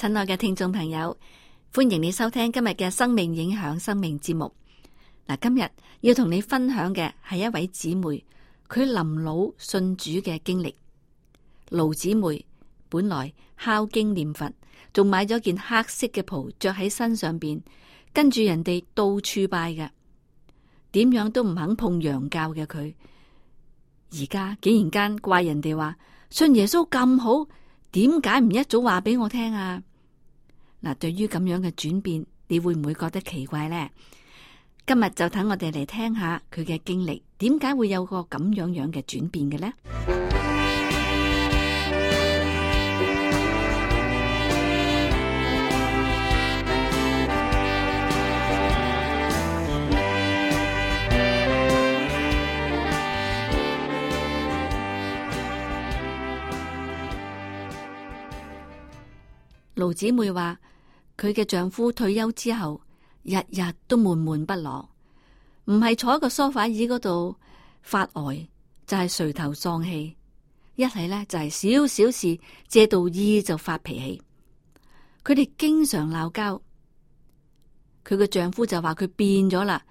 親愛嘅聽眾朋友，歡迎你收聽今日嘅生命影響生命節目。嗱，今日要同你分享嘅係一位姊妹佢臨老信主嘅經歷。盧姊妹本來孝經念佛，仲買咗件黑色嘅袍着喺身上邊，跟住人哋到處拜嘅，點樣都唔肯碰洋教嘅佢。而家竟然間怪人哋話信耶穌咁好，點解唔一早話俾我聽啊？嗱，對於咁樣嘅轉變，你會唔會覺得奇怪呢？今日就等我哋嚟聽下佢嘅經歷，點解會有個咁樣樣嘅轉變嘅呢？盧姊妹話。佢嘅丈夫退休之後，日日都悶悶不樂，唔係坐喺個梳化椅嗰度發呆，就係垂頭喪氣。一係咧就係少少事借到意就發脾氣。佢哋經常鬧交，佢嘅丈夫就話佢變咗啦，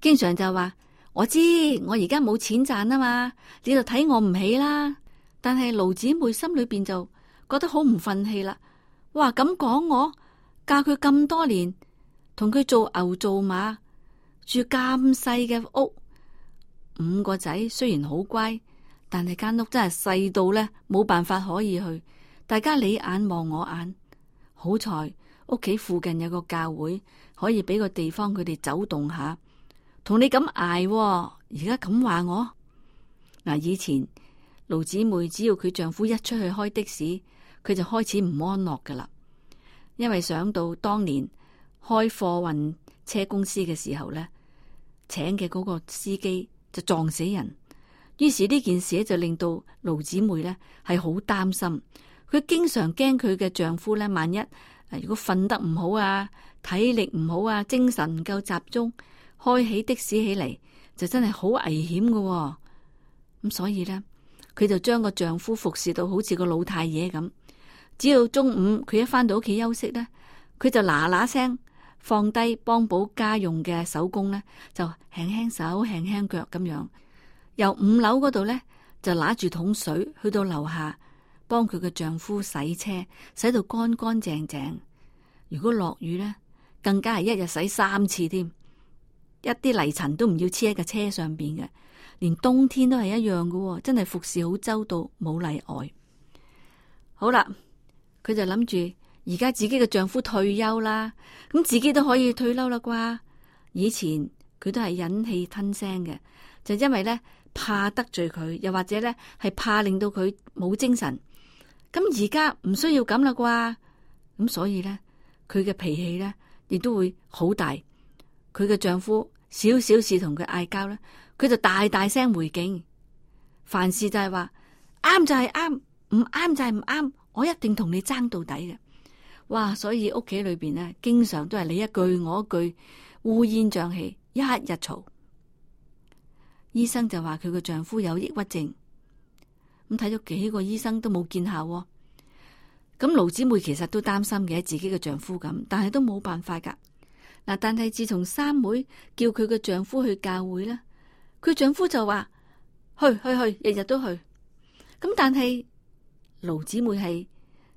經常就話我知我而家冇錢賺啊嘛，你就睇我唔起啦。但係盧姊妹心裏邊就覺得好唔忿氣啦，哇咁講我。嫁佢咁多年，同佢做牛做馬，住咁細嘅屋。五個仔雖然好乖，但係間屋真係細到咧，冇辦法可以去。大家你眼望我眼，好彩屋企附近有個教會，可以俾個地方佢哋走動下。同你咁挨啊，而家咁話我。嗱，以前盧姊妹只要佢丈夫一出去開的士，佢就開始唔安樂噶啦。因為想到當年開貨運車公司嘅時候咧，請嘅嗰個司機就撞死人，於是呢件事就令到盧姊妹咧係好擔心，佢經常驚佢嘅丈夫咧，萬一如果瞓得唔好啊、體力唔好啊、精神唔夠集中，開起的士起嚟就真係好危險嘅喎。咁所以咧，佢就將個丈夫服侍到好似個老太爺咁。只要中午佢一返到屋企休息咧，佢就嗱嗱聲放低幫補家用嘅手工咧，就輕輕手輕輕腳咁樣，由五樓嗰度咧就攞住桶水去到樓下幫佢嘅丈夫洗車，洗到乾乾淨淨。如果落雨咧，更加係一日洗三次添，一啲泥塵都唔要黐喺個車上邊嘅。連冬天都係一樣嘅，真係服侍好周到，冇例外。好啦。佢就諗住而家自己嘅丈夫退休啦，咁自己都可以退休啦啩。以前佢都係忍氣吞聲嘅，就因為咧怕得罪佢，又或者咧係怕令到佢冇精神。咁而家唔需要咁啦啩，咁所以咧佢嘅脾氣咧亦都會好大。佢嘅丈夫少少事同佢嗌交咧，佢就大大聲回敬。凡事就係話啱就係啱，唔啱就係唔啱。我一定同你爭到底嘅，哇！所以屋企裏邊咧，經常都係你一句我一句，烏煙瘴氣，一日嘈。醫生就話佢個丈夫有抑鬱症，咁睇咗幾個醫生都冇見效，哦。咁盧姊妹其實都擔心嘅自己嘅丈夫咁，但係都冇辦法噶。嗱，但係自從三妹叫佢個丈夫去教會咧，佢丈夫就話去去去，日日都去。咁但係。盧姊妹係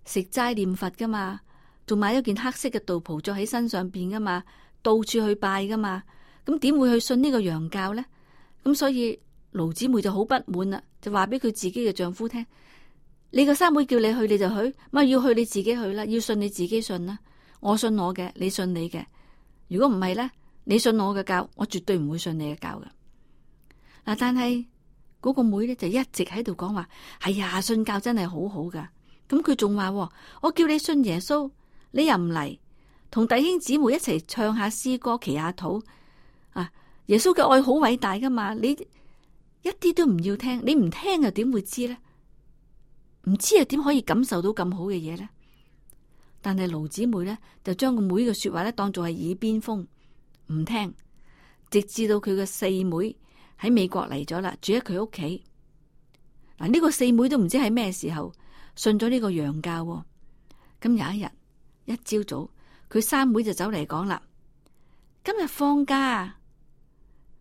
食齋念佛噶嘛，仲買一件黑色嘅道袍着喺身上邊噶嘛，到處去拜噶嘛，咁點會去信呢個洋教咧？咁所以盧姊妹就好不滿啦，就話俾佢自己嘅丈夫聽：你個三妹叫你去你就去，咪要去你自己去啦，要信你自己信啦，我信我嘅，你信你嘅。如果唔係咧，你信我嘅教，我絕對唔會信你嘅教嘅。嗱，但係。嗰個妹咧就一直喺度講話，係、哎、呀，信教真係好好噶。咁佢仲話，我叫你信耶穌，你又唔嚟，同弟兄姊妹一齊唱下詩歌，祈下禱。啊，耶穌嘅愛好偉大噶嘛，你一啲都唔要聽，你唔聽又點會知咧？唔知又點可以感受到咁好嘅嘢咧？但係盧姊妹咧就將個妹嘅說話咧當做係耳邊風，唔聽，直至到佢嘅四妹，喺美國嚟咗啦，住喺佢屋企。嗱、這、呢個四妹都唔知喺咩時候信咗呢個洋教、哦。咁有一日，一朝早，佢三妹就走嚟講啦：今日放假，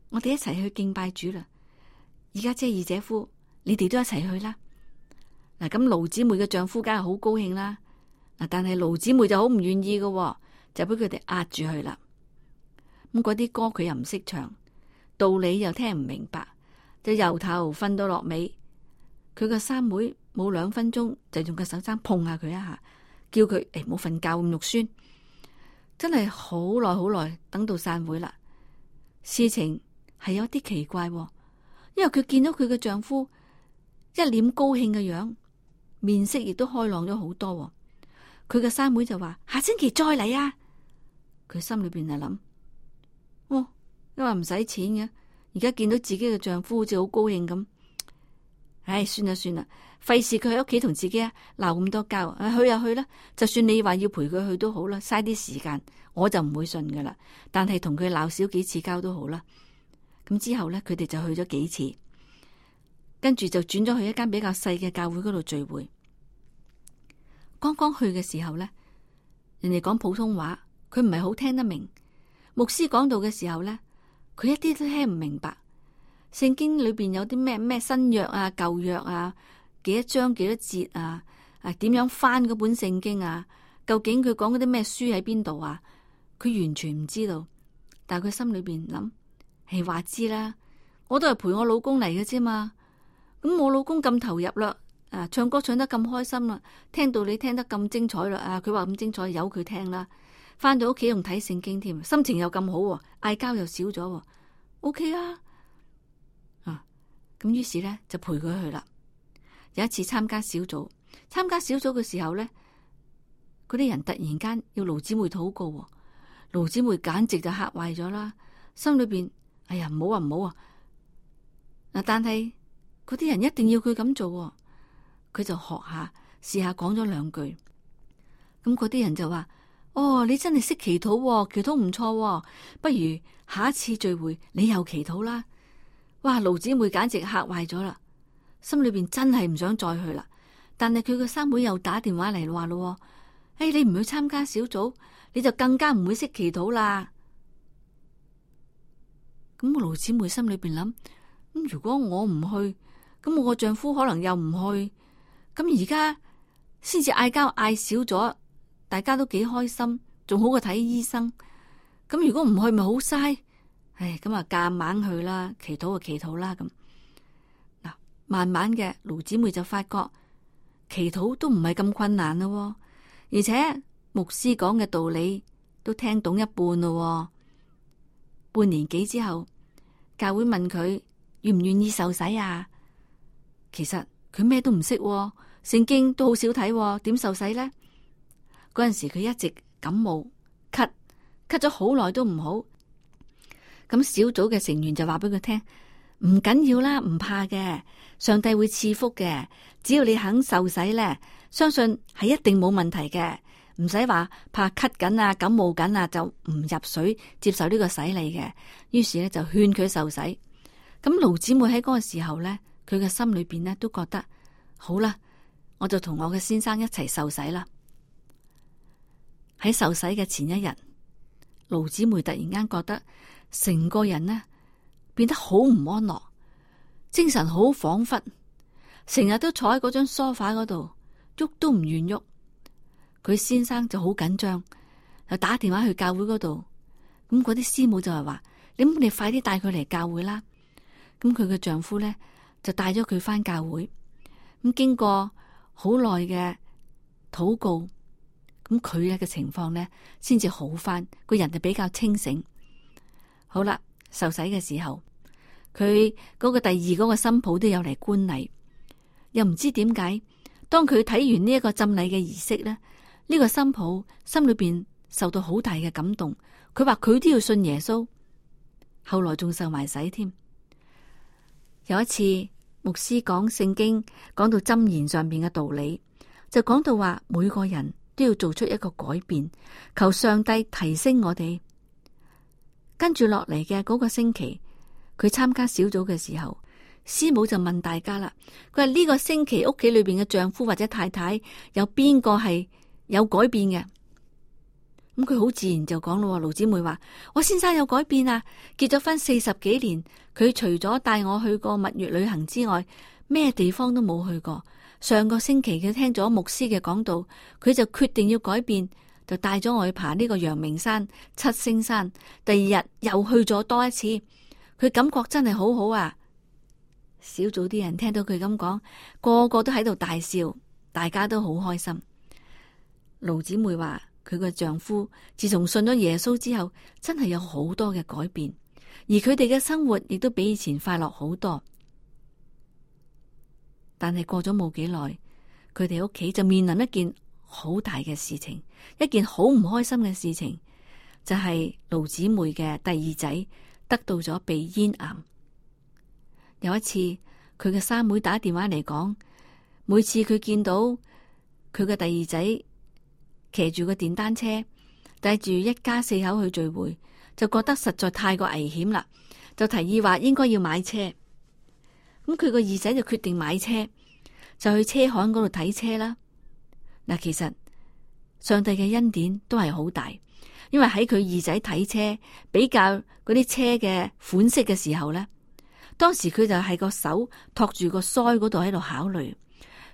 我哋一齊去敬拜主啦！二家姐二姐夫，你哋都一齊去啦。嗱，咁盧姊妹嘅丈夫梗係好高興啦。嗱，但係盧姊妹就好唔願意嘅、哦，就俾佢哋壓住去啦。咁嗰啲歌佢又唔識唱。道理又聽唔明白，就由頭瞓到落尾。佢個三妹冇兩分鐘就用個手踭碰下佢一下，叫佢誒唔好瞓覺咁肉酸。真係好耐好耐，等到散會啦。事情係有啲奇怪喎，因為佢見到佢嘅丈夫一臉高興嘅樣，面色亦都開朗咗好多喎。佢嘅三妹就話下星期再嚟啊。佢心裏邊就諗。因為唔使錢嘅，而家見到自己嘅丈夫好似好高興咁。唉，算啦算啦，費事佢喺屋企同自己鬧、啊、咁多交。去就去啦，就算你話要陪佢去都好啦，嘥啲時間我就唔會信噶啦。但係同佢鬧少幾次交都好啦。咁之後咧，佢哋就去咗幾次，跟住就轉咗去一間比較細嘅教會嗰度聚會。剛剛去嘅時候咧，人哋講普通話，佢唔係好聽得明。牧師講道嘅時候咧佢一啲都聽唔明白，聖經裏邊有啲咩咩新約啊舊約啊，幾多章幾多節啊，啊點樣翻嗰本聖經啊？究竟佢講嗰啲咩書喺邊度啊？佢完全唔知道，但係佢心裏邊諗，係話知啦，我都係陪我老公嚟嘅啫嘛，咁我老公咁投入啦，啊唱歌唱得咁開心啦，聽到你聽得咁精彩啦，啊佢話咁精彩，由佢聽啦。翻到屋企用睇聖經添，心情又咁好，嗌交又少咗，OK 啦。啊。啊，咁於是咧就陪佢去啦。有一次參加小組，參加小組嘅時候咧，嗰啲人突然間要盧姊妹禱告，盧姊妹簡直就吓壞咗啦，心裏邊，哎呀，唔好啊，唔好啊！嗱，但係嗰啲人一定要佢咁做，佢就學下試下講咗兩句，咁嗰啲人就話。哦，你真係識祈禱喎，祈禱唔錯喎。不如下一次聚會你又祈禱啦。哇，盧姊妹簡直嚇壞咗啦，心裏邊真係唔想再去啦。但係佢個三妹又打電話嚟話咯，哎，你唔去參加小組，你就更加唔會識祈禱啦。咁個盧姊妹心裏邊諗：咁如果我唔去，咁我個丈夫可能又唔去，咁而家先至嗌交嗌少咗。大家都幾開心，仲好過睇醫生。咁如果唔去咪好嘥，唉咁啊，夾硬去啦，祈禱就祈禱啦。咁嗱，慢慢嘅盧姊妹就發覺祈禱都唔係咁困難咯喎，而且牧師講嘅道理都聽懂一半咯喎。半年幾之後，教會問佢願唔願意受洗啊？其實佢咩都唔識，聖經都好少睇，點受洗咧？嗰陣時，佢一直感冒咳，咳咗好耐都唔好。咁小組嘅成員就話俾佢聽，唔緊要啦，唔怕嘅，上帝會賜福嘅，只要你肯受洗咧，相信係一定冇問題嘅，唔使話怕咳緊啊，感冒緊啊，就唔入水接受呢個洗禮嘅。於是咧就勸佢受洗。咁盧姊妹喺嗰個時候咧，佢嘅心裏邊咧都覺得好啦，我就同我嘅先生一齊受洗啦。喺受洗嘅前一日，盧姊妹突然間覺得成個人呢變得好唔安樂，精神好恍惚，成日都坐喺嗰張梳化嗰度，喐都唔願喐。佢先生就好緊張，又打電話去教會嗰度，咁嗰啲師母就係話：你你快啲帶佢嚟教會啦。咁佢嘅丈夫咧就帶咗佢返教會，咁經過好耐嘅禱告。咁佢嘅情況咧，先至好返，個人就比較清醒。好啦，受洗嘅時候，佢嗰個第二嗰個新抱都有嚟觀禮，又唔知點解。當佢睇完呢一個浸禮嘅儀式咧，呢、這個新抱心裏邊受到好大嘅感動，佢話佢都要信耶穌。後來仲受埋洗添。有一次牧師講聖經，講到箴言上邊嘅道理，就講到話每個人，都要做出一個改變，求上帝提升我哋。跟住落嚟嘅嗰個星期，佢參加小組嘅時候，師母就問大家啦。佢話呢個星期屋企裏邊嘅丈夫或者太太有邊個係有改變嘅？咁佢好自然就講咯。盧姊妹話：我先生有改變啊！結咗婚四十幾年，佢除咗帶我去過蜜月旅行之外，咩地方都冇去過。上個星期佢聽咗牧師嘅講道，佢就決定要改變，就帶咗我去爬呢個陽明山、七星山。第二日又去咗多一次，佢感覺真係好好啊！小組啲人聽到佢咁講，個個都喺度大笑，大家都好開心。盧姊妹話：佢個丈夫自從信咗耶穌之後，真係有好多嘅改變，而佢哋嘅生活亦都比以前快樂好多。但係過咗冇幾耐，佢哋屋企就面臨一件好大嘅事情，一件好唔開心嘅事情，就係、是、盧姊妹嘅第二仔得到咗鼻咽癌。有一次，佢嘅三妹打電話嚟講，每次佢見到佢嘅第二仔騎住個電單車帶住一家四口去聚會，就覺得實在太過危險啦，就提議話應該要買車。咁佢個二仔就決定買車，就去車行嗰度睇車啦。嗱，其實上帝嘅恩典都係好大，因為喺佢二仔睇車比較嗰啲車嘅款式嘅時候咧，當時佢就係個手托住個腮嗰度喺度考慮。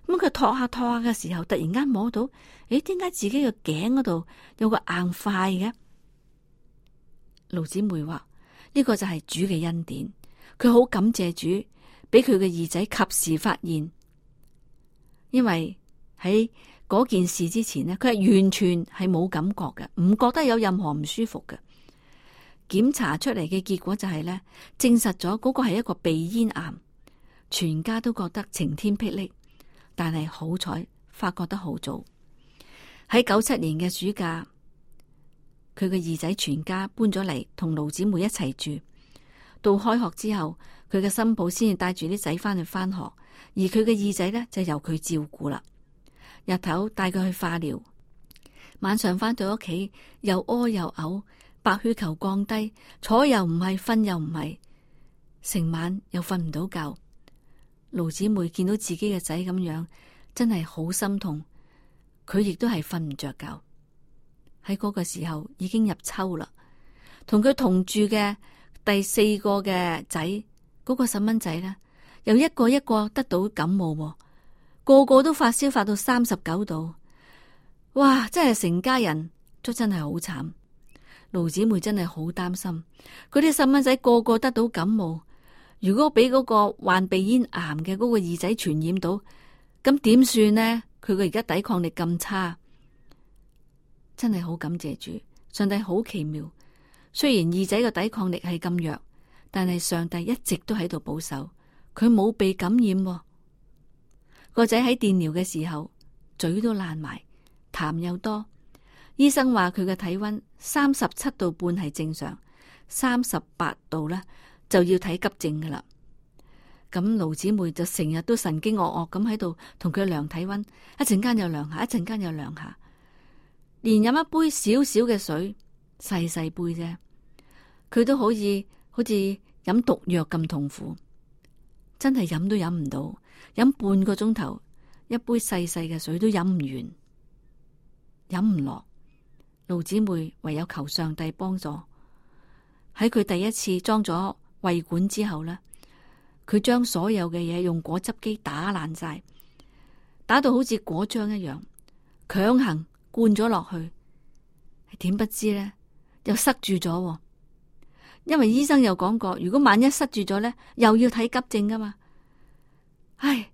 咁佢托下托下嘅時候，突然間摸到，誒、哎，點解自己嘅頸嗰度有個硬塊嘅？盧姊妹話呢、這個就係主嘅恩典，佢好感謝主。俾佢嘅二仔及時發現，因為喺嗰件事之前咧，佢係完全係冇感覺嘅，唔覺得有任何唔舒服嘅。檢查出嚟嘅結果就係咧，證實咗嗰個係一個鼻咽癌。全家都覺得晴天霹靂，但係好彩發覺得好早。喺九七年嘅暑假，佢嘅二仔全家搬咗嚟同盧姊妹一齊住。到開學之後，佢嘅新抱先至帶住啲仔翻去翻學，而佢嘅二仔咧就由佢照顧啦。日頭帶佢去化療，晚上翻到屋企又屙又嘔，白血球降低，坐又唔係，瞓又唔係，成晚又瞓唔到覺。盧姊妹見到自己嘅仔咁樣，真係好心痛。佢亦都係瞓唔着覺。喺嗰個時候已經入秋啦，同佢同住嘅第四個嘅仔。嗰個細蚊仔咧，又一個一個得到感冒哦，個個都發燒，發到三十九度。哇！真係成家人都真係好慘，盧姊妹真係好擔心。佢啲細蚊仔個個得到感冒，如果俾嗰個患鼻咽癌嘅嗰個二仔傳染到，咁點算呢？佢個而家抵抗力咁差，真係好感謝主。上帝好奇妙。雖然二仔嘅抵抗力係咁弱。但係上帝一直都喺度保守佢，冇被感染啊。個仔喺電療嘅時候，嘴，都爛埋，痰又多。醫生話佢嘅體溫三十七度半係正常，三十八度咧就要睇急症噶啦。咁盧姊妹就成日都神經惡惡咁喺度同佢量體溫，一陣間又量下，一陣間又量下，連飲一杯少少嘅水，細細杯啫，佢都可以。好似飲毒藥咁痛苦，真係飲都飲唔到，飲半個鐘頭，一杯細細嘅水都飲唔完，飲唔落。老姊妹唯有求上帝幫助。喺佢第一次裝咗胃管之後呢，佢將所有嘅嘢用果汁機打爛晒，打到好似果漿一樣，強行灌咗落去，點不知呢？又塞住咗。因為醫生又講過，如果萬一塞住咗咧，又要睇急症噶嘛。唉，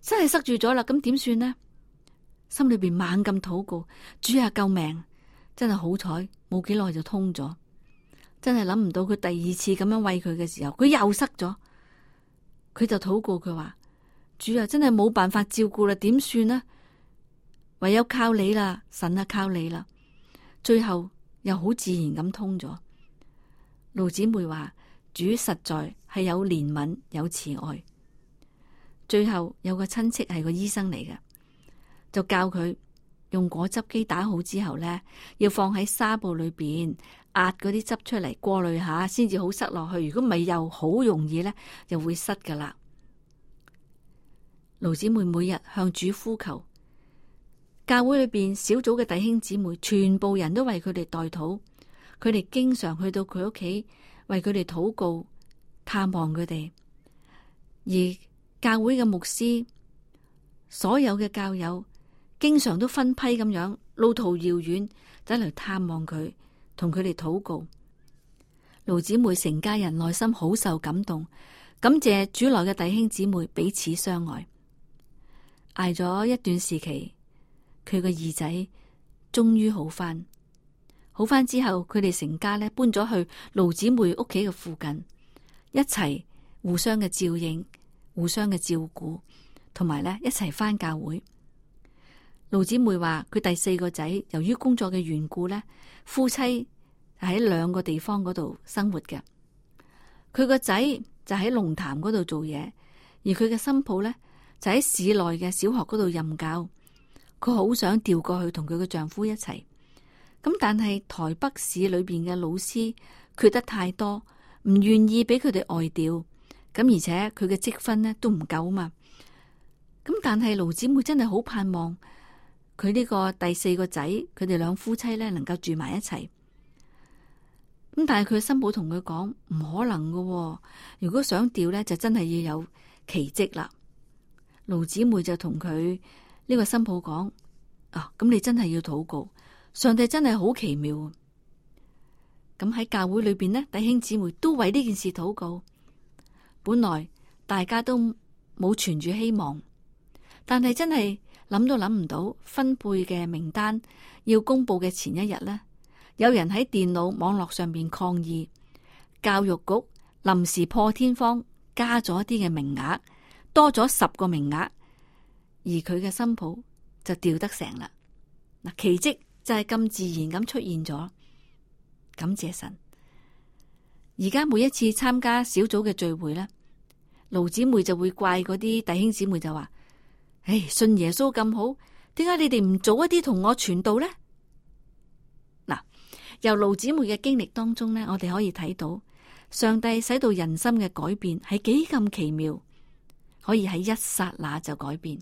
真係塞住咗啦，咁點算呢？心裏邊猛咁禱告，主啊，救命！真係好彩，冇幾耐就通咗。真係諗唔到佢第二次咁樣餵佢嘅時候，佢又塞咗。佢就禱告，佢話：主啊，真係冇辦法照顧啦，點算呢？唯有靠你啦，神啊靠你啦！最後又好自然咁通咗。盧姊妹話主實在係有憐憫有慈愛，最後有個親戚係個醫生嚟嘅，就教佢用果汁機打好之後咧，要放喺紗布裏邊壓嗰啲汁出嚟過濾下，先至好塞落去。如果唔係，又好容易咧，就會塞噶啦。盧姊妹每日向主呼求，教會裏邊小組嘅弟兄姊妹，全部人都為佢哋代禱。佢哋經常去到佢屋企為佢哋禱告、探望佢哋，而教會嘅牧師、所有嘅教友經常都分批咁樣，路途遙遠，走嚟探望佢，同佢哋禱告。盧姊妹成家人內心好受感動，感謝主內嘅弟兄姊妹彼此相愛。挨咗一段時期，佢個二仔終於好翻。好翻之後，佢哋成家咧，搬咗去盧姊妹屋企嘅附近，一齊互相嘅照應，互相嘅照顧，同埋咧一齊翻教會。盧姊妹話：佢第四個仔由於工作嘅緣故咧，夫妻喺兩個地方嗰度生活嘅。佢個仔就喺龍潭嗰度做嘢，而佢嘅新抱咧就喺市內嘅小學嗰度任教。佢好想調過去同佢嘅丈夫一齊。咁但係台北市裏邊嘅老師缺得太多，唔願意俾佢哋外調。咁而且佢嘅積分咧都唔夠嘛。咁但係盧姊妹真係好盼望佢呢個第四個仔，佢哋兩夫妻咧能夠住埋一齊。咁但係佢嘅新抱同佢講唔可能噶喎。如果想調咧，就真係要有奇蹟啦。盧姊妹就同佢呢個新抱講啊，咁你真係要禱告。上帝真係好奇妙。咁喺教會裏邊呢，弟兄姊妹都為呢件事禱告。本來大家都冇存住希望，但係真係諗都諗唔到，分配嘅名單要公布嘅前一日呢，有人喺電腦網絡上面抗議，教育局臨時破天荒加咗一啲嘅名額，多咗十個名額，而佢嘅新抱就調得成啦。嗱，奇迹！就係咁自然咁出現咗，感謝神。而家每一次參加小組嘅聚會咧，盧姊妹就會怪嗰啲弟兄姊妹就話：「唉、hey，信耶穌咁好，點解你哋唔早一啲同我傳道呢？」嗱，由盧姊妹嘅經歷當中咧，我哋可以睇到上帝使到人心嘅改變係幾咁奇妙，可以喺一剎那就改變。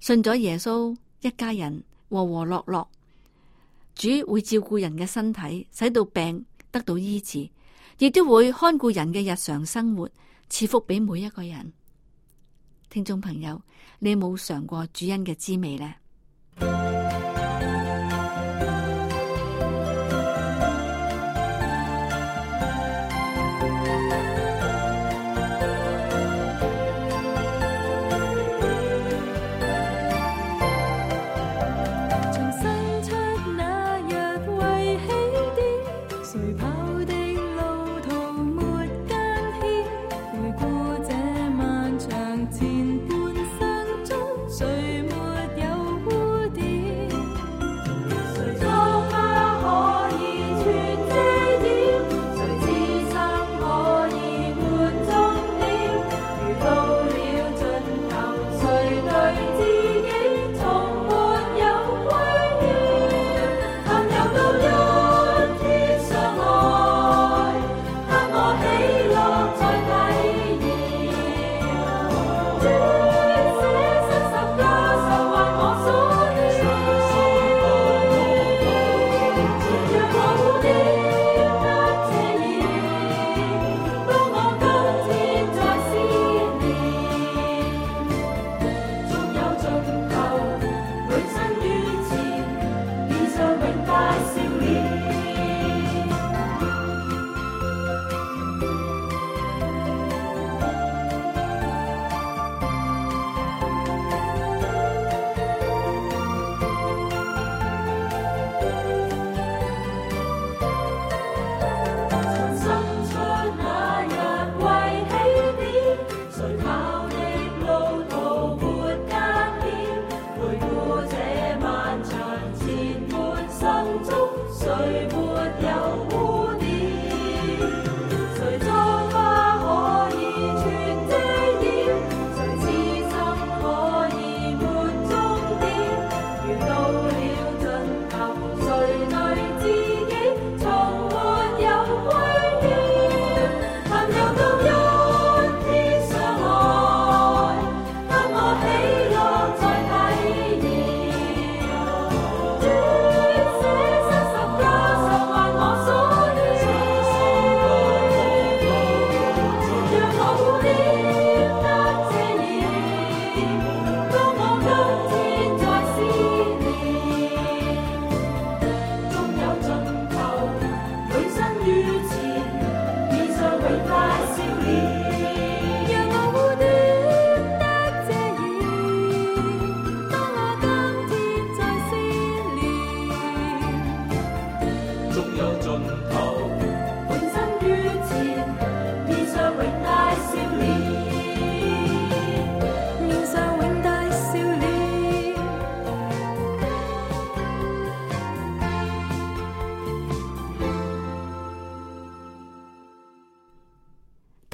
信咗耶穌，一家人和和樂樂。主會照顧人嘅身體，使到病得到醫治，亦都會看顧人嘅日常生活，賜福俾每一個人。聽眾朋友，你有冇嘗過主恩嘅滋味呢？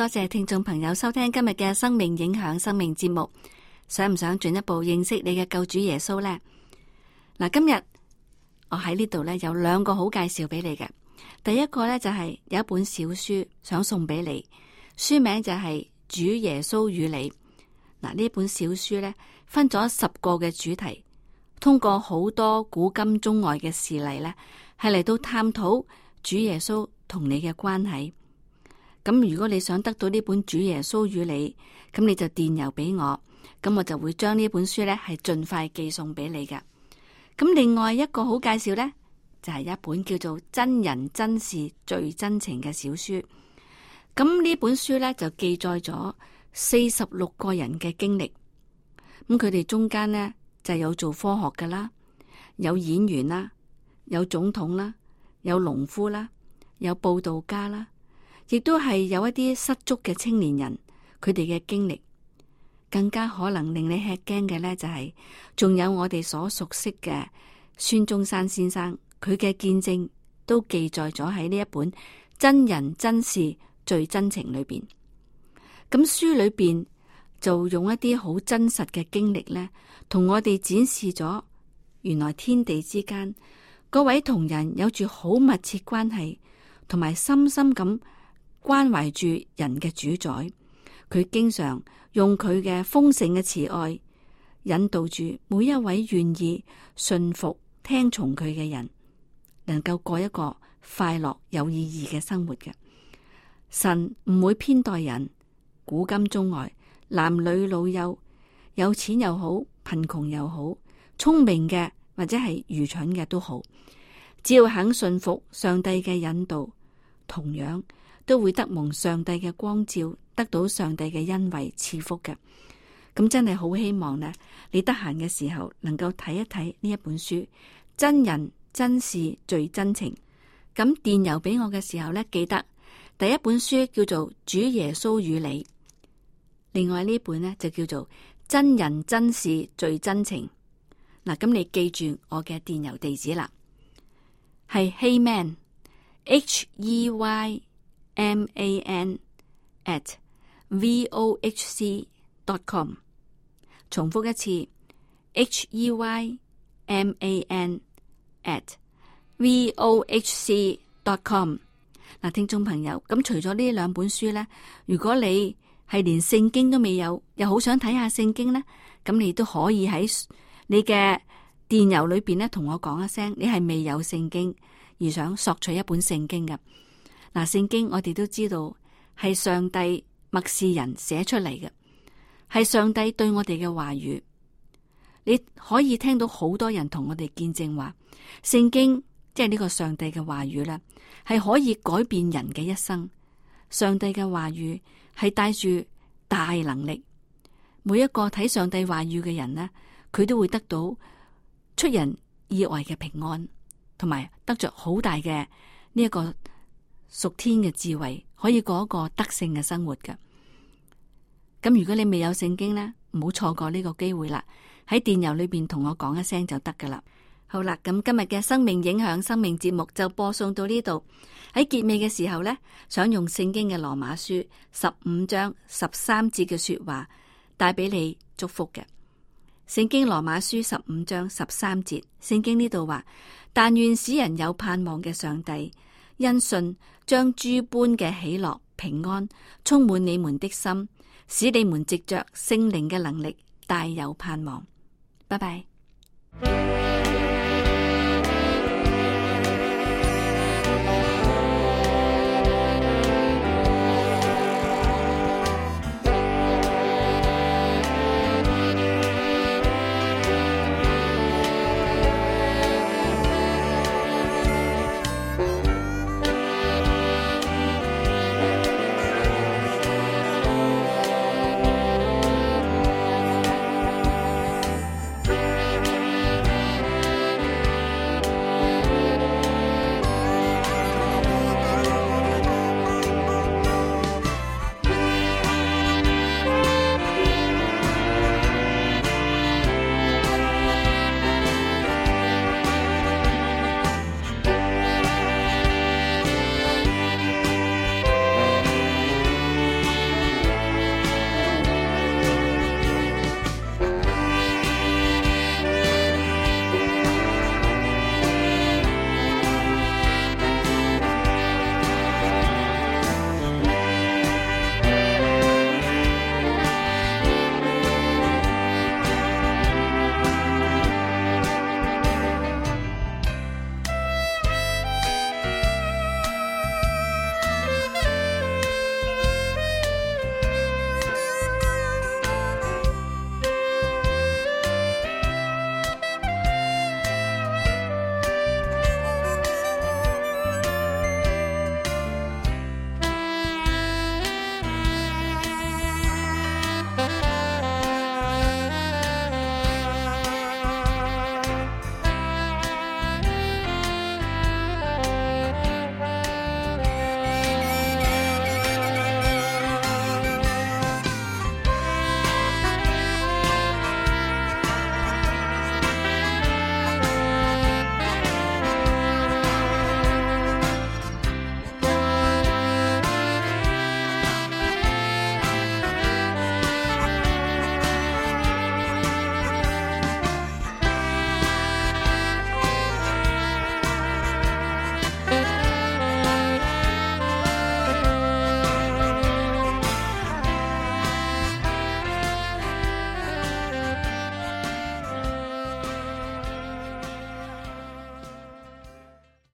多謝聽眾朋友收聽今日嘅生命影響生命節目，想唔想進一步認識你嘅救主耶穌呢？嗱，今日我喺呢度咧有兩個好介紹俾你嘅。第一個咧就係有一本小書想送俾你，書名就係主耶穌與你。嗱，呢本小書咧分咗十個嘅主題，通過好多古今中外嘅事例咧，係嚟到探討主耶穌同你嘅關係。咁如果你想得到呢本主耶穌與你，咁你就電郵俾我，咁我就會將呢本書呢係盡快寄送俾你嘅。咁另外一個好介紹呢，就係、是、一本叫做《真人真事最真情》嘅小說。咁呢本書呢，就記載咗四十六個人嘅經歷。咁佢哋中間呢，就有做科學嘅啦，有演員啦，有總統啦，有農夫啦，有報道家啦。亦都係有一啲失足嘅青年人，佢哋嘅經歷更加可能令你吃驚嘅呢，就係仲有我哋所熟悉嘅孫中山先生，佢嘅見證都記載咗喺呢一本《真人真事最真情》裏邊。咁書裏邊就用一啲好真實嘅經歷呢，同我哋展示咗原來天地之間嗰位同人有住好密切關係，同埋深深咁。關懷住人嘅主宰，佢經常用佢嘅豐盛嘅慈愛引導住每一位願意信服聽從佢嘅人，能夠過一個快樂有意義嘅生活嘅神唔會偏待人，古今中外男女老幼，有錢又好，貧窮又好，聰明嘅或者係愚蠢嘅都好，只要肯信服上帝嘅引導，同樣。都會得蒙上帝嘅光照，得到上帝嘅恩惠賜福嘅。咁真係好希望咧，你得閒嘅時候能夠睇一睇呢一本書《真人真事最真情》。咁電郵俾我嘅時候咧，記得第一本書叫做《主耶穌與你》，另外呢本呢就叫做《真人真事最真情》。嗱，咁你記住我嘅電郵地址啦，係 Heyman H E Y。Man at vohc.com，重複一次。Hey man at vohc.com。嗱，聽眾朋友，咁除咗呢兩本書咧，如果你係連聖經都未有，又好想睇下聖經咧，咁你都可以喺你嘅電郵裏邊咧，同我講一聲，你係未有聖經而想索取一本聖經嘅。嗱，聖經我哋都知道係上帝默示人寫出嚟嘅，係上帝對我哋嘅話語。你可以聽到好多人同我哋見證話，聖經即係呢個上帝嘅話語啦，係可以改變人嘅一生。上帝嘅話語係帶住大能力，每一個睇上帝話語嘅人咧，佢都會得到出人意外嘅平安，同埋得着好大嘅呢一個。屬天嘅智慧可以過一個德性嘅生活嘅。咁如果你未有聖經呢，唔好錯過呢個機會啦。喺電郵裏邊同我講一聲就得噶啦。好啦，咁今日嘅生命影響生命節目就播送到呢度。喺結尾嘅時候呢，想用聖經嘅羅馬書十五章十三節嘅說話帶俾你祝福嘅。聖經羅馬書十五章十三節，聖經呢度話：但願使人有盼望嘅上帝。因信將諸般嘅喜樂、平安充滿你們的心，使你們藉着聖靈嘅能力大有盼望。拜拜。